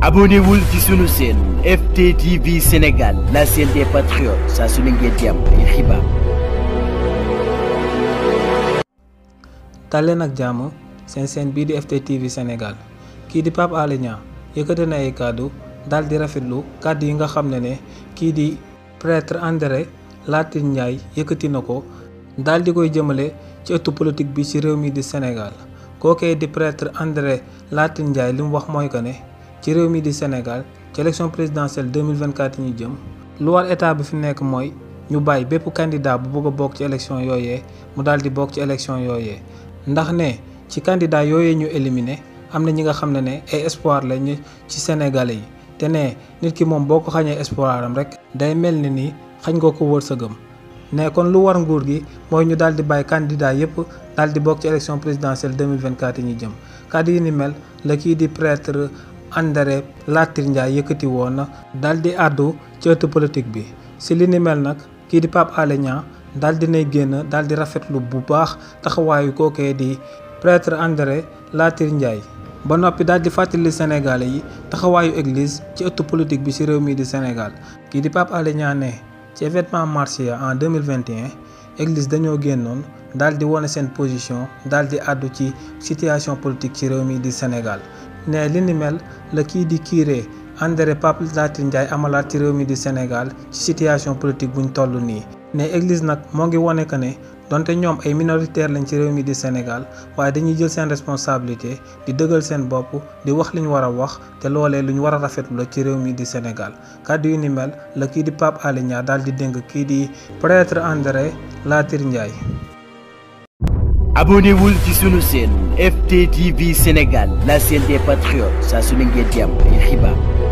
abonnewul ci sunu chaîne FTTV Sénégal la chaîne des patriotes saa ngeen di am xibaar. tàlleen jàmm seen chaîne bii di FTTV kii di Pape Alé Niang yëkkate na ay kàddu daal di rafetlu kàddu yi nga xam ne ne kii di prêtre André Latyr Ndiaye yëkkati na ko dal di koy jëmale ci ëttu politique bi ci réew mi di Sénégal kookee di prêtre André Latyr Ndiaye li mu wax mooy que ne. ci réew di Sénégal ci élection présidentielle 2024 état fi ñu candidat bu bëgg a bokk ci élection yooyee mu daal di ci élection yooyee ndax ne ci candidat yooyee ñu éliminé am ñi nga xam ne ne ay espoir lañu ci Sénégalais yi te ne nit ki espoir rek day ko candidat yépp daal ci élection présidentielle 2024 la André Latir Ndiaye yëkkati woon na daal ci ëttu politique bi ci li ni mel nak ki di Pape Alé daldi daal di daldi rafetlu bu baax taxawaayu kookee di prêtre André Latir Ndiaye ba nopi daldi di Sénégalais yi taxawayu église ci ëttu politique bi ci réew mi di Sénégal ki di Pape Alé né ci événement marché en 2021 église dañu génnoon daldi woné sen position daldi addu ci situation politique ci réew mi di Sénégal ne li ni mel la kii di curé André Pape Latir Ndiaye amalaat ci réew mi di Sénégal ci situation politique buñ toll nii ne église nag moo ngi wone que ne donte ñoom ay minoritaire lañ ci réew mi di Sénégal waaye dañuy jël seen responsabilité di dëggal seen bopp di wax li ñu war a wax te loolee lu ñu war a rafetlu ci réew mi di Sénégal kàddu yi ni mel la kii di Pape Alé Niang daal di dénk kii di prêtre André Latir Ndiaye abonnez-vous sur notre chaîne FTTV Sénégal la chaîne des patriotes Ça et ne